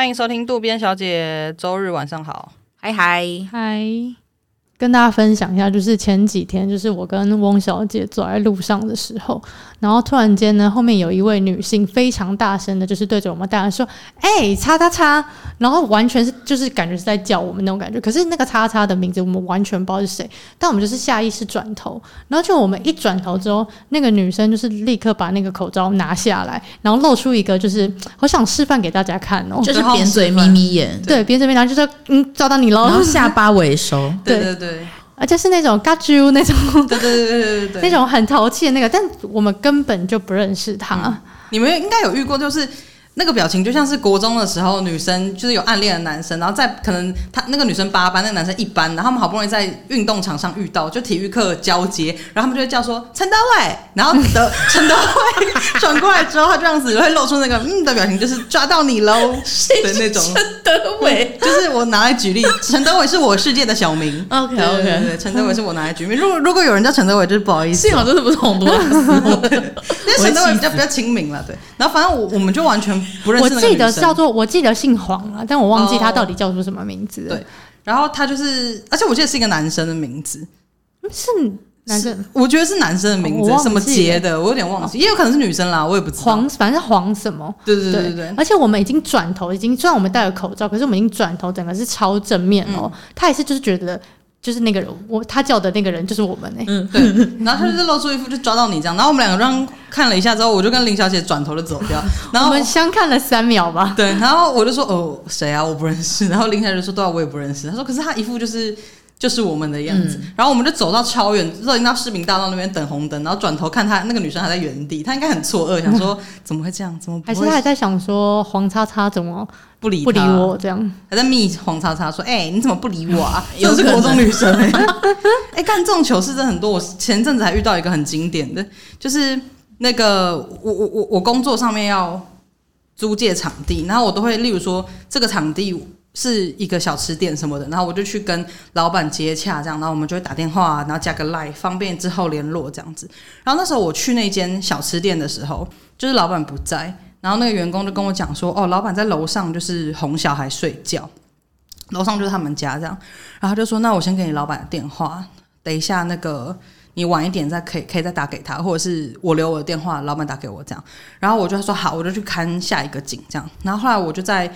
歡迎收聽渡邊小姐，週日晚上好，嗨嗨嗨。跟大家分享一下，就是前幾天，就是我跟翁小姐走在路上的時候，然後突然間呢，後面有一位女性非常大聲的，就是對着我們大家說：“哎、欸，叉叉叉！”然後完全是就是感覺是在叫我們那種感覺。可是那個叉叉的名字我們完全不知道是誰，但我們就是下意識轉頭，然後就我們一轉頭之後，那個女生就是立刻把那個口罩拿下來，然後露出一個就是，我想示範給大家看哦，就是扁嘴眯眯眼，對，對扁嘴眯眼，然後就說、是：“嗯，照到你嘍！”然後下巴尾收， 對，對，對對對。對，而且是那種嘎 a 那種，對對對對對，對，那種很淘氣的那個，但我們根本就不認識他。你們應該有遇過，就是。那個表情就像是國中的時候，女生就是有暗戀的男生，然後在可能他那個女生八班，那個男生一班，然後他們好不容易在運動場上遇到，就體育課交接，然後他們就會叫說陳德偉，然後的陳德偉轉過來之後，他這樣子會露出那個嗯的表情，就是抓到你嘍，是那種。陳德偉、嗯、就是我拿來舉例，陳德偉是我世界的小名。OK OK，對，陳德偉是我拿來舉例。如果如果有人叫陳德偉，就是不好意思。幸好就是不是同桌。不好 因為陳德偉比較比較親民了，對。然後反正我我們就完全。不我記得叫做，我記得姓黃啊，但我忘記他到底叫做什麼名字、哦。對，然後他就是，而且我記得是一個男生的名字，是男生，我覺得是男生的名字，哦、什麼傑的，我有點忘記、哦，也有可能是女生啦，我也不知道。黃，反正是黃什麼？對對對對，對，對，對。而且我們已經轉頭，已經雖然我們戴了口罩，可是我們已經轉頭，整個是超正面哦。嗯、他也是，就是覺得。就是那個人，我他叫的那個人就是我們、欸、嗯， 對，然後他就露出一副就抓到你這樣，然後我們兩個剛看了一下之後，我就跟林小姐轉頭就走掉，然後 我們相看了三秒吧，對，然後我就說哦，誰啊？我不認識。然後林小姐說多少、啊、我也不認識。她說可是他一副就是。就是我們的樣子、嗯，然後我們就走到超遠，走到市民大道那邊等紅燈，然後轉頭看他，那個女生還在原地，她應該很錯愕，想說怎麼會這樣，嗯、怎麼不還是他還在想說黃叉叉怎麼不理不理我這樣，還在密黃叉叉說哎、欸、你怎麼不理我啊？又、嗯、是國中女生哎、欸，幹、欸、 這種糗事真的很多。我前陣子還遇到一個很經典的，就是那個我我我我工作上面要租借場地，然後我都會例如說這個場地。是一個小吃店什麼的，然後我就去跟老闆接洽，這樣，然後我們就會打電話，然後加個 Line 方便之後聯絡這樣子。然後那時候我去那間小吃店的時候，就是老闆不在，然後那個員工就跟我講說：“哦，老闆在樓上，就是哄小孩睡覺，樓上就是他們家這樣。”然後就說：“那我先給你老闆的電話，等一下那個你晚一點再可以可以再打給他，或者是我留我的電話，老闆打給我這樣。”然後我就說：“好，我就去看下一個景這樣。”然後後來我就在。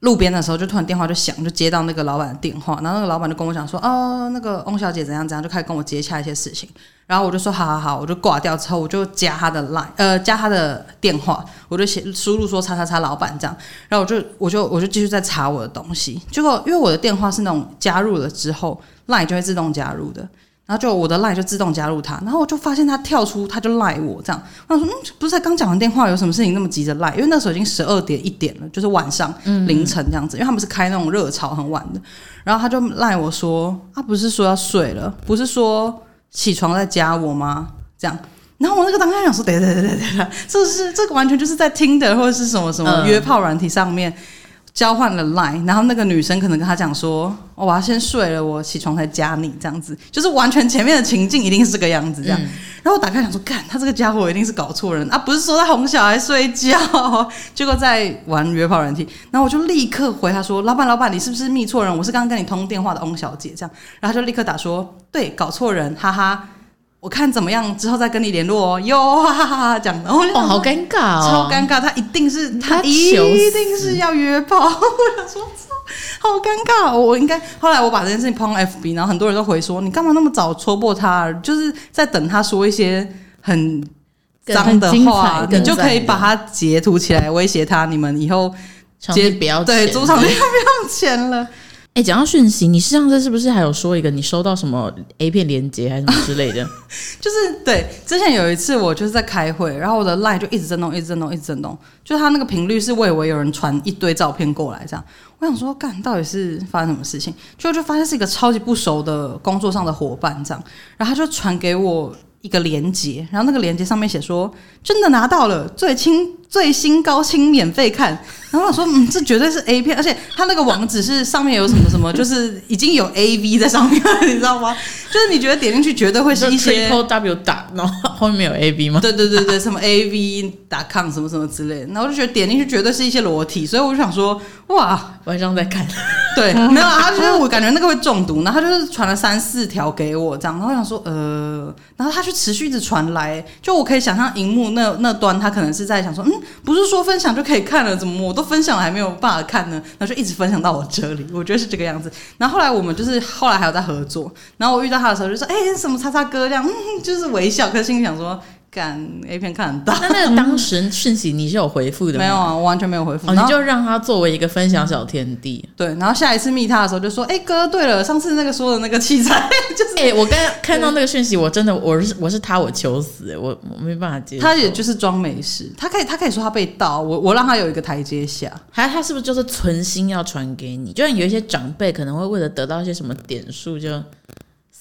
路邊的時候，就突然電話就響，就接到那個老闆的電話，然後那個老闆就跟我講說，哦、啊，那個翁小姐怎樣怎樣，就開始跟我接洽一些事情，然後我就說好，好，好，我就掛掉之後，我就加他的 line，呃，加他的電話，我就寫輸入說叉叉叉老闆這樣，然後我就我就我就，我就繼續在查我的東西，結果因為我的電話是那種加入了之後 line 就會自動加入的。然後就我的賴就自動加入他，然後我就發現他跳出，他就賴我這樣，然後我說，嗯，不是才剛講完電話，有什麼事情那麼急着賴？因為那時候已經十二點一點了，就是晚上凌晨，這樣子，嗯、因為他們是開那種熱潮很晚的，然後他就賴我說他、啊、不是說要睡了，不是說起床再加我嗎？這樣，然後我那個當下想說對對對對對對，這是這個、完全就是在聽的或者是什麼什麼約炮軟體上面。嗯交換了 line，然後那個女生可能跟他講說：“我、哦、把、啊、先睡了，我起床才加你。”這樣子就是完全前面的情境一定是這個樣子這樣、嗯。然後我打開想說：“幹，他這個家伙一定是搞錯人啊！不是說他哄小孩睡覺，結果在玩約炮軟件。”然後我就立刻回他說：“老板，老板，你是不是密錯人？我是剛剛跟你通電話的翁小姐。”這樣，然後他就立刻打說：“對，搞錯人，哈哈。”我看怎麼樣，之後再跟你聯絡哦。喲哈哈哈哈講的哦，好尷尬，哦，超尷尬，他一定是他，求他求一定是要約炮。我說超，好尷尬，我我應該後來我把這件事情拋到 FB，然後很多人都回說，你幹嘛那麼早戳破他，啊？就是在等他說一些很髒的話的，你就可以把他截圖起來威脅他。你們以後接不要對主場要不要錢了。哎、欸，講到訊息，你是上次是不是還有說一個你收到什麼 A 片連結還是什麼之類的？ 就是對，之前有一次我就是在開會，然後我的 line 就一直在動，一直震動，一直震動，就它那個頻率是，我以為有人傳一堆照片過來這樣，我想說幹，到底是發生什麼事情？結果就發現是一個超級不熟的工作上的夥伴這樣，然後他就傳給我一個連結，然後那個連結上面寫說真的拿到了最輕最新高清免費看，然後我想說嗯，這絕對是 A 片，而且他那個網址是上面有什麼什麼，就是已經有 A V 在上面了，你知道嗎？就是你覺得點進去絕對會是一些 W 打，然後後面有 A V 嗎？對對對對，什麼 AV.com 什麼什麼之類的，然後我就覺得點進去絕對是一些裸體，所以我就想說，哇，晚上再看了。對，沒有，他覺得我感覺那個會中毒，然後他就是傳了三四條給我這樣，然後我想說呃，然後他就持續一直傳來，就我可以想象熒幕那那端他可能是在想說嗯。不是說分享就可以看了，怎麼我都分享了還沒有辦法看呢？然後就一直分享到我這裡，我覺得是這個樣子。然後後來我們就是後來還有在合作，然後我遇到他的時候就說：“哎、欸，什麼叉叉哥這樣，嗯，就是微笑。”可是心裡想說。敢 A 片看得到？那那個當時訊息你是有回復的沒有？ 沒有啊？我完全沒有回復、哦。你就讓他作為一個分享小天地、嗯。對，然後下一次密他的時候就說：“哎、欸、哥，對了，上次那個說的那個器材就是……”哎、欸，我剛看到那個訊息，我真的我，我是我是他，我求死，我我沒辦法接受。他也就是裝沒事，他可以，他可以說他被盜，我我讓他有一個台階下。還他是不是就是存心要傳給你？就像有一些長輩可能會為了得到一些什麼點數就。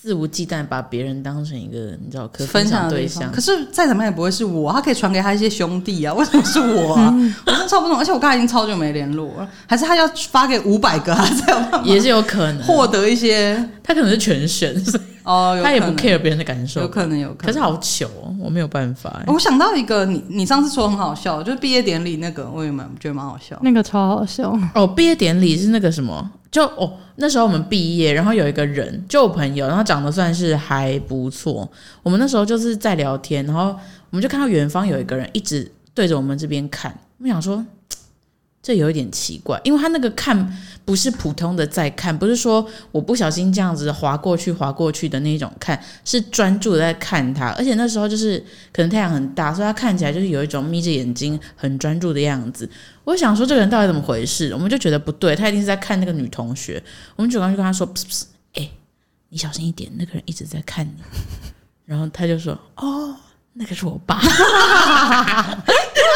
肆無忌憚把別人當成一個你知道可分享對象，可是再怎麼樣也不會是我，他可以傳給他一些兄弟啊，為什麼是我？啊？ 嗯、我真超不懂，而且我剛才已經超久沒聯絡了，還是他要發給五百個啊在我？也是有可能獲得一些，他可能是全選哦，他也不 care 別人的感受，有可能有可能，可是好糗哦，我沒有辦法、欸。我想到一個，你你上次說很好笑，就是畢業典禮那個，我也蠻覺得蠻好笑，那個超好笑哦。畢業典禮是那個什麼？就哦，那時候我們畢業，然後有一個人，就我朋友，然後長得算是還不錯。我們那時候就是在聊天，然後我們就看到遠方有一個人一直對着我們這邊看，我們想說。這有一點奇怪，因為他那個看不是普通的在看，不是說我不小心這樣子劃過去劃過去的那種看，是專注的在看他。而且那時候就是可能太陽很大，所以他看起來就是有一種眯着眼睛很專注的樣子。我想說這個人到底怎麼回事？我們就覺得不對，他一定是在看那個女同學。我們主管就有關係跟他說：“不是，不是，哎，你小心一點，那個人一直在看你。”然後他就說：“哦，那個是我爸。 ”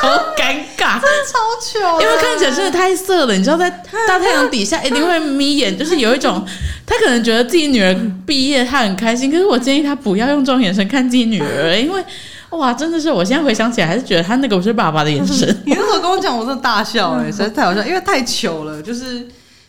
超尷尬，真的超糗，因為看起來真的太色了。你知道，在大太陽底下一定會眯眼，就是有一種他可能覺得自己女兒畢業，他很開心。可是我建議他不要用這種眼神看自己女兒，因為哇，真的是我現在回想起來還是覺得他那個不是爸爸的眼神。你如果跟我講，我真的大笑，欸，哎，實在太好笑，因為太糗了。就是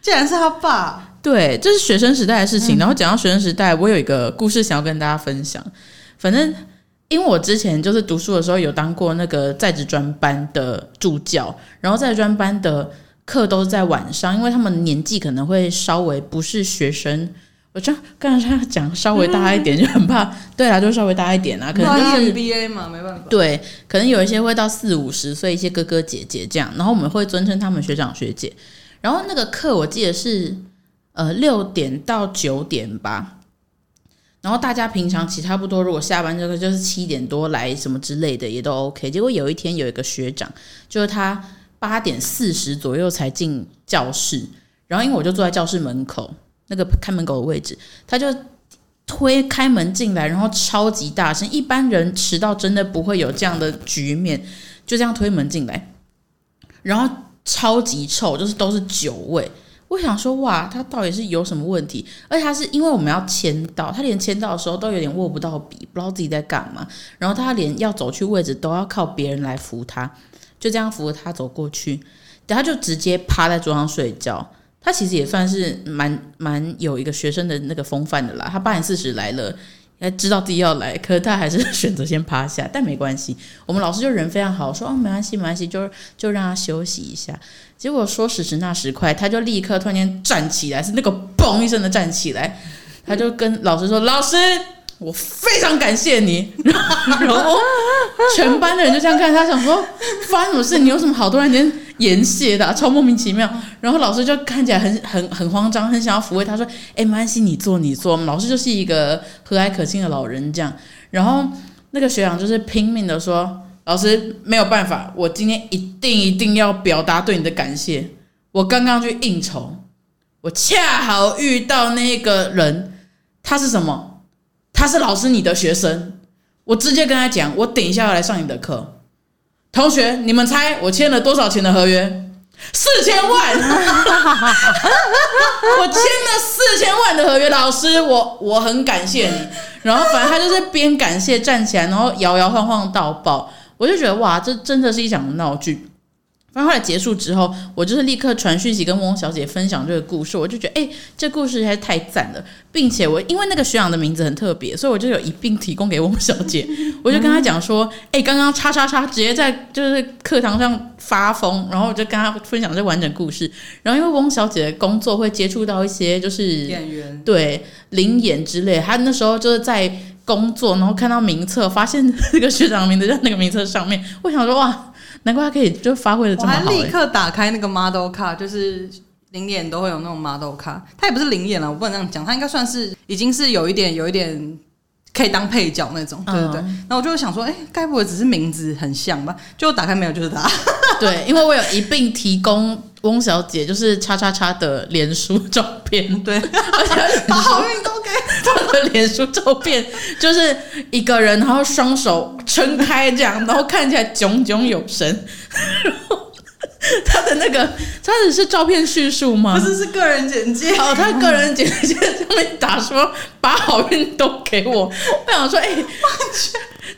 既然是他爸，對，這是學生時代的事情。然後講到學生時代，我有一個故事想要跟大家分享，反正。因為我之前就是讀書的時候有當過那個在職專班的助教，然後在專班的課都是在晚上，因為他們年紀可能會稍微不是學生，我這樣剛才講稍微大一點就很怕，嗯，對啊，就稍微大一點啊，可能就是 MBA 嘛，沒辦法，對，可能有一些會到四五十歲一些哥哥姐姐這樣，然後我們會尊稱他們學長學姐，然後那個課我記得是呃六點到九點吧。然後大家平常其實差不多，如果下班這個就是七點多來什麼之類的也都 OK。結果有一天有一個學長，就是他八點四十左右才進教室，然後因為我就坐在教室門口那個看門狗的位置，他就推開門進來，然後超級大聲。一般人遲到真的不會有這樣的局面，就這樣推門進來，然後超級臭，就是都是酒味。我想說，哇，他到底是有什麼問題？而且他是因為我們要簽到，他連簽到的時候都有點握不到筆，不知道自己在幹嘛。然後他連要走去位置都要靠別人來扶他，就這樣扶着他走過去，然後他就直接趴在桌上睡覺。他其實也算是蠻蠻有一個學生的那個風範的啦。他八點四十來了，也知道自己要來，可是他還是選擇先趴下。但沒關係，我們老師就人非常好，說哦、啊，沒關係，沒關係，就是就讓他休息一下。結果說時遲，那時快，他就立刻突然間站起來，是那個“嘣”一聲的站起來，他就跟老師說：“老師，我非常感謝你。 ”然後全班的人就這樣看他，想說發生什麼事？你有什麼好突然間言謝的、啊，超莫名其妙。然後老師就看起來很很很慌張，很想要撫慰他，說：“哎、欸，沒關係，你坐，你坐。”老師就是一個和藹可親的老人，這樣。然後那個學長就是拼命的說。老師沒有辦法，我今天一定一定要表達對你的感謝。我剛剛去應酬，我恰好遇到那個人，他是什麼？他是老師你的學生。我直接跟他講，我等一下要來上你的課。同學，你們猜我簽了多少錢的合約？四千萬！ 我簽了四千萬的合約。老師，我我很感謝你。然後，反正他就是邊感謝站起來，然後搖搖晃晃到爆。我就覺得哇，這真的是一場鬧劇。反正後，後來結束之後，我就是立刻傳訊息跟翁小姐分享這個故事。我就覺得，哎、欸，這故事還是太讚了，並且我因為那個學長的名字很特別，所以我就有一併提供給翁小姐。 我就跟她講說，哎、欸，剛剛叉叉叉直接在就是課堂上發瘋，然後我就跟她分享這完整故事。然後因為翁小姐的工作會接觸到一些就是演員對臨演之類，她、嗯、那時候就是在。工作，然後看到名冊，發現那個學長的名字在那個名冊上面，我想說哇，難怪他可以就發揮得這麼好、欸。立刻打開那個 model 卡，就是臨演都會有那種 model 卡，他也不是臨演了，我不能這樣講，他應該算是已經是有一點有一點可以當配角那種，對對對。Uh -huh. 那我就想說，哎、欸，該不會只是名字很像吧？就打開沒有，就是他。 對，因為我有一併提供翁小姐就是叉叉叉的臉書照片，對， 而且你說好運動。他的臉書照片就是一個人，然後雙手撐開這樣，然後看起來炯炯有神。 然後他的那個，他的是照片敘述嗎？不是，是個人簡介。哦，他個人簡介上面打說：“把好運都給我。”我不想說，哎、欸。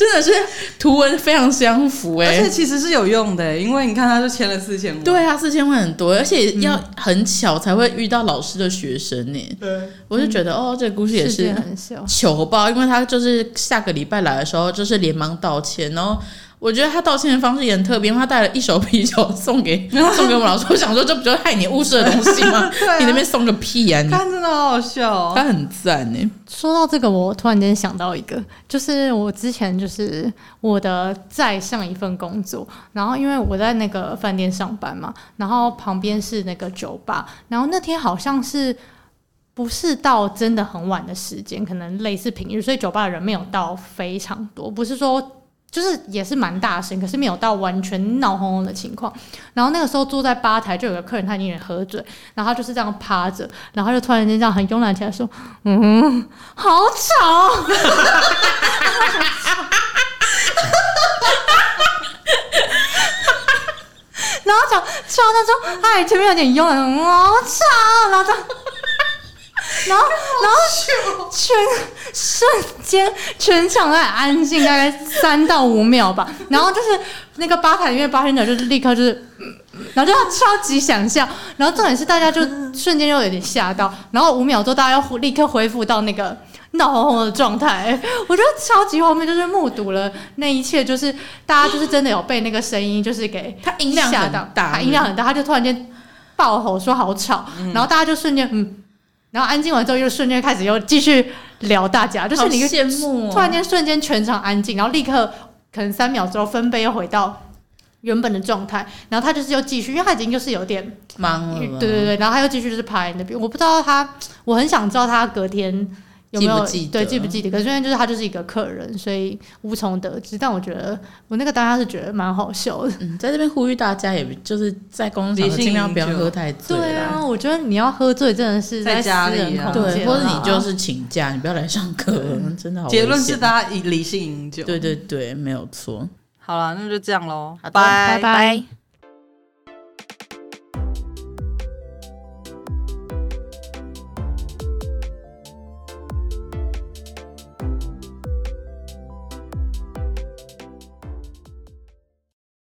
真的是圖文非常相符哎、欸，而且其實是有用的、欸，因為你看，他就簽了四千萬，對啊，四千萬很多，而且要很巧才會遇到老師的學生呢、欸嗯。我就覺得、嗯、哦，這個故事也是求報，因為他就是下個禮拜來的時候，就是連忙道歉，然後。我覺得他道歉的方式也很特別，因為他帶了一手啤酒送給送給我們老師。我想說，這不就是害你誤事的東西嗎、？ 啊？你那邊送個屁啊！你看真的好，好笑、哦，他很讚呢。說到這個，我突然間想到一個，就是我之前就是我的在上一份工作，然後因為我在那個飯店上班嘛，然後旁邊是那個酒吧，然後那天好像是不是到真的很晚的時間，可能類似平日，所以酒吧的人沒有到非常多，不是說。就是也是蠻大聲，可是沒有到完全鬧哄哄的情況。然後那個時候坐在吧台，就有個客人他已經有點喝醉，然後他就是這樣趴着，然後他就突然間這樣很慵懶起來，說：“嗯，好吵哦。”然後講，然後他,他說：“哎，前面有點慵懶，嗯，好吵。”然後他。他然後，然後全瞬間全場都很安靜，大概三到五秒吧。然後就是那個吧台，裡面，吧台的就是立刻就是，然後就超級想笑。然後重點是大家就瞬間又有點嚇到。然後五秒之後，大家又立刻恢復到那個鬧哄哄的狀態。我覺得超級後面，就是目睹了那一切，就是大家就是真的有被那個聲音就是給他音量嚇到，他音量很大，他、嗯、就突然間爆吼說好吵。然後大家就瞬間嗯。然後安靜完之後，又瞬間開始又繼續聊大家，就是你羨慕。突然間瞬間全場安靜，然後立刻可能三秒之後分貝又回到原本的狀態，然後他就是又繼續，因為他已經就是有點忙了。對對對，然後他又繼續就是拍那邊，我不知道他，我很想知道他隔天，有沒有記，記得，對，記不記得？可是現在就是他就是一個客人，所以無從得知。但我覺得我那個大家是覺得蠻好笑的。嗯，在這邊呼籲大家，也就是在公司工作儘量不要喝太醉。對啊，我覺得你要喝醉真的是在私人空間，啊，或者你就是請假，嗯，你不要來上課，真的好。結論是大家理性飲酒。對對對，沒有錯。好了，那就這樣嘍，拜拜。Bye bye bye bye bye